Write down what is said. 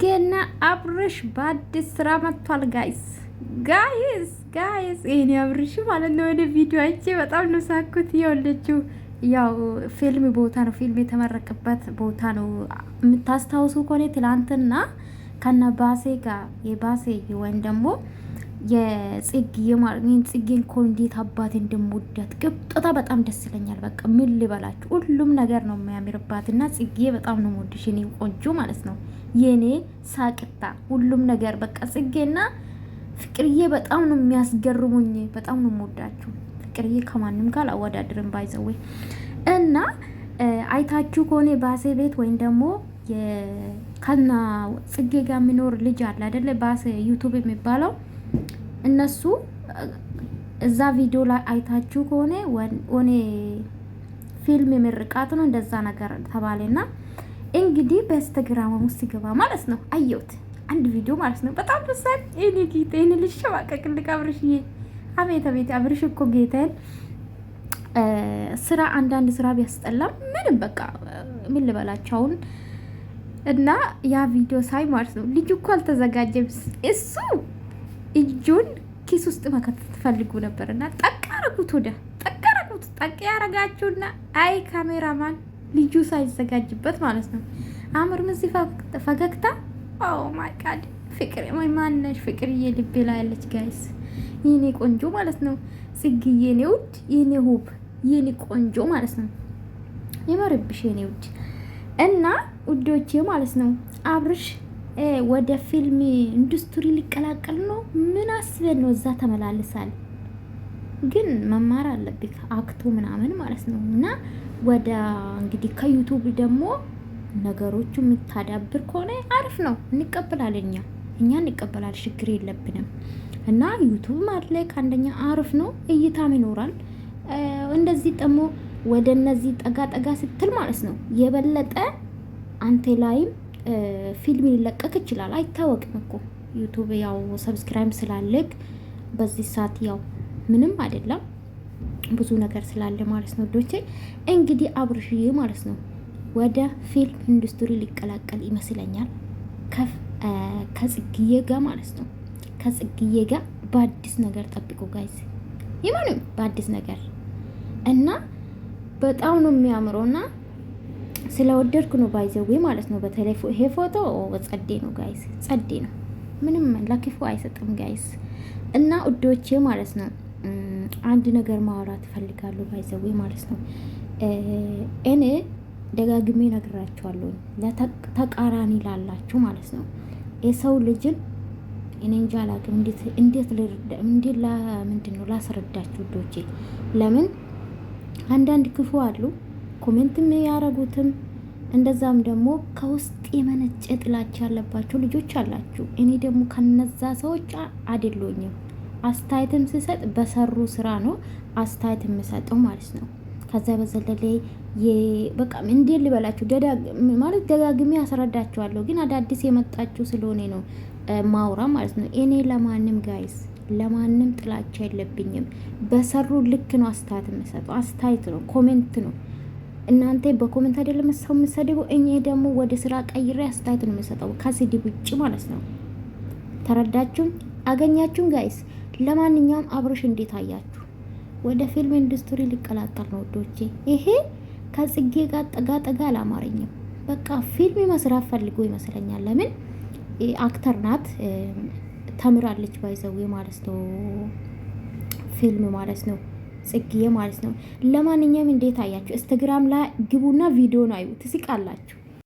ጽጌና አብርሽ በአዲስ ስራ መጥቷል። ጋይስ ጋይስ ጋይስ ይህን አብርሽ ማለት ነው። ወደ ቪዲዮ አይቼ በጣም ነው ሳኩት። የወለችው ያው ፊልም ቦታ ነው፣ ፊልም የተመረቀበት ቦታ ነው። የምታስታውሱ ከሆነ ትላንትና ከነ ባሴ ጋር የባሴ ወይም ደግሞ የጽጌ የማርኔን ጽጌን እኮ እንዴት አባት እንደምወዳት ቅብጦታ በጣም ደስ ይለኛል። በቃ ምን ልበላችሁ፣ ሁሉም ነገር ነው የሚያምርባት እና ጽጌ በጣም ነው የምወድሽ የኔ ቆንጆ ማለት ነው የኔ ሳቅታ፣ ሁሉም ነገር በቃ ጽጌና ፍቅርዬ በጣም ነው የሚያስገርሙኝ። በጣም ነው የምወዳችሁ። ፍቅርዬ ከማንም ጋር አወዳድርም ባይዘዌ እና አይታችሁ ከሆነ ባሴ ቤት ወይም ደግሞ ከና ጽጌ ጋር የሚኖር ልጅ አለ አደለ ባሴ ዩቱብ የሚባለው እነሱ እዛ ቪዲዮ ላይ አይታችሁ ከሆነ ወኔ ፊልም የምርቃት ነው እንደዛ ነገር ተባለና እንግዲህ በኢንስታግራም ውስጥ ይገባ ማለት ነው አየሁት አንድ ቪዲዮ ማለት ነው። በጣም ደሳል እኔ ጌታ እኔ ልሸማቀቅ ልቅ አብርሽዬ፣ አቤት አቤት አብርሽ እኮ ጌታን ስራ አንዳንድ ስራ ቢያስጠላም ምንም በቃ ምን ልበላቸውን እና ያ ቪዲዮ ሳይ ማለት ነው ልጅ እኮ አልተዘጋጀም እሱ እጁን ኪስ ውስጥ መከተት ትፈልጉ ነበር እና ጠቅ አረጉት፣ ወደ ጠቅ አረጉት። ጠቅ ያረጋችሁና አይ ካሜራማን ልጁ ሳይዘጋጅበት ማለት ነው። አምር ምዚ ፈገግታ ኦ ማይ ጋድ ፍቅር ወይ ማነሽ ፍቅርዬ ልቤ ላይ ያለች ጋይስ፣ የኔ ቆንጆ ማለት ነው። ጽጌ የኔ ውድ የኔ ሁብ፣ የኔ ቆንጆ ማለት ነው። የመርብሽ የኔ ውድ እና ውዶቼ ማለት ነው አብርሽ ወደ ፊልም ኢንዱስትሪ ሊቀላቀል ነው። ምን አስበን ነው እዛ ተመላልሳል። ግን መማር አለብህ አክቶ ምናምን ማለት ነው። እና ወደ እንግዲህ ከዩቱብ ደግሞ ነገሮቹ የምታዳብር ከሆነ አሪፍ ነው። እንቀበላለን እኛ እኛ እንቀበላል፣ ችግር የለብንም። እና ዩቱብ ማድረግ ከአንደኛ አሪፍ ነው፣ እይታም ይኖራል። እንደዚህ ደግሞ ወደ እነዚህ ጠጋ ጠጋ ስትል ማለት ነው የበለጠ አንቴ ላይም ፊልም ሊለቀቅ ይችላል። አይታወቅም እኮ ዩቱብ ያው ሰብስክራይብ ስላለግ በዚህ ሰዓት ያው ምንም አይደለም ብዙ ነገር ስላለ ማለት ነው። ዶቼ እንግዲህ አብርሽዬ ማለት ነው ወደ ፊልም ኢንዱስትሪ ሊቀላቀል ይመስለኛል ከጽግዬ ጋር ማለት ነው። ከጽግዬ ጋር በአዲስ ነገር ጠብቁ ጋይዝ ይመንም በአዲስ ነገር እና በጣም ነው የሚያምረውና ስለወደድኩ ነው ባይዘዌ ማለት ነው። በተለይ ይሄ ፎቶ ጸዴ ነው ጋይስ፣ ጸዴ ነው። ምንም ለክፉ አይሰጥም ጋይስ። እና ውዶቼ ማለት ነው አንድ ነገር ማውራት እፈልጋለሁ ባይዘዌ ማለት ነው። እኔ ደጋግሜ ነግራችኋለሁ ለተቃራኒ ላላችሁ ማለት ነው የሰው ልጅን እኔ እንጃ አላውቅም እንዴት ልርዳ እንዴት ምንድን ነው ላስረዳችሁ ውዶቼ። ለምን አንዳንድ ክፉ አሉ ኮሜንትም ያረጉትም እንደዛም ደግሞ ከውስጥ የመነጨ ጥላቻ ያለባቸው ልጆች አላችሁ። እኔ ደግሞ ከነዛ ሰዎች አይደለኝም። አስተያየትም ስሰጥ በሰሩ ስራ ነው አስተያየት የምሰጠው ማለት ነው። ከዛ በዘለለ በቃ እንዴ ልበላችሁ ማለት ደጋግሜ ያስረዳችኋለሁ፣ ግን አዳዲስ የመጣችሁ ስለሆነ ነው ማውራ ማለት ነው። እኔ ለማንም ጋይስ ለማንም ጥላቻ የለብኝም። በሰሩ ልክ ነው አስተያየት የምሰጠው። አስተያየት ነው፣ ኮሜንት ነው እናንተ በኮመንት አይደለም ሰው የምሰድቡ፣ እኔ ደግሞ ወደ ስራ ቀይሬ አስተያየት ነው የምሰጠው ከስድብ ውጭ ማለት ነው። ተረዳችሁም? አገኛችሁም? ጋይስ ለማንኛውም አብርሽ እንዴት አያችሁ? ወደ ፊልም ኢንዱስትሪ ሊቀላጠል ነው ወዶቼ። ይሄ ከጽጌ ጋር ጠጋ ጠጋ አላማረኝም። በቃ ፊልም መስራት ፈልጎ ይመስለኛል። ለምን አክተር ናት ተምራለች፣ ባይዘዌ ማለት ነው ፊልም ማለት ነው ጽጌ ማለት ነው። ለማንኛውም እንዴት አያችሁ? ኢንስታግራም ላይ ግቡና ቪዲዮ ነው አዩ፣ ትስቃላችሁ።